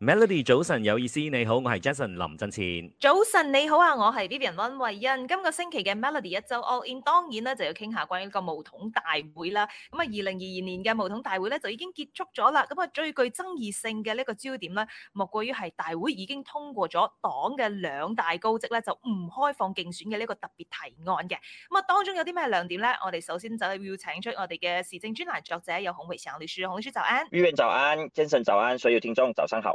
Melody 早晨有意思，你好，我係 Jason 林振前。早晨你好啊，我係 Vivian 溫慧欣。今個星期嘅 Melody 一周 All In，當然咧就要傾下關於個巫統大會啦。咁、嗯、啊，二零二二年嘅巫統大會咧就已經結束咗啦。咁、嗯、啊，最具爭議性嘅呢個焦點咧，莫過於係大會已經通過咗黨嘅兩大高職咧就唔開放競選嘅呢個特別提案嘅。咁、嗯、啊，當中有啲咩亮點咧？我哋首先就要請出我哋嘅時政專欄作者有孔維祥律師，孔律師早安。Vivian 早安，Jason 早安，所有聽眾早上好。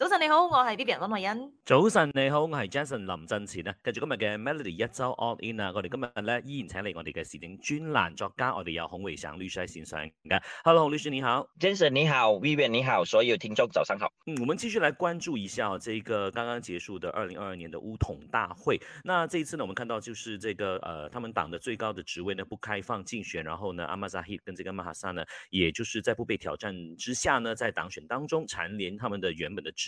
早晨你好，我係 Vivian 溫慧欣。早晨你好，我係 Jason 林振前啊。跟住今日嘅 Melody 一周 all in 啊，我哋今日咧依然請嚟我哋嘅時政專欄作家，我哋有洪偉祥律師喺綫上。Hello，洪律師你好。Jason 你好，Vivian 你好，所有聽眾早上好。嗯，我們繼續來關注一下呢一個，這個剛剛結束嘅二零二二年的巫統大會。那這一次呢，我們看到就是這個，呃，他們黨的最高嘅職位呢不開放競選，然後呢，阿馬扎希跟這個馬哈薩呢，也就是在不被挑戰之下呢，在黨選當中蟬聯他們的原本嘅職。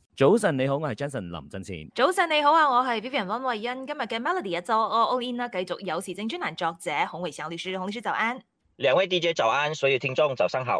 早晨你好，我係 Jason 林振前。早晨你好啊，我係 Vivian 溫慧欣。今日嘅 Melody 一 s h o all in 啦，繼續有時政專欄作者孔維尚律師，孔律師早安。兩位 DJ 早安，所有聽眾早上好。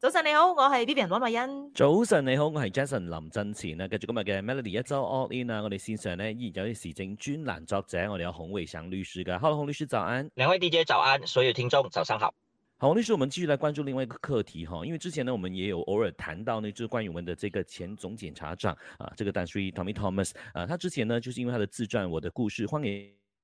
早晨你好，我係 Vivian 王慧欣。早晨你好，我係 Jason 林振前啊，繼續今日嘅 Melody 一周 all in 啊，我哋線上呢，依然有啲時政專欄作者，我哋有洪偉祥律師噶，Hello 洪律師早安，兩位 DJ 早安，所有聽眾早上好。洪律師，我們繼續來關注另外一個課題哈，因為之前呢，我們也有偶爾談到呢，就關於我們的這個前總檢察長啊，這個丹斯里 Tommy Thomas 啊，他之前呢，就是因為他的自傳《我的故事》，歡迎。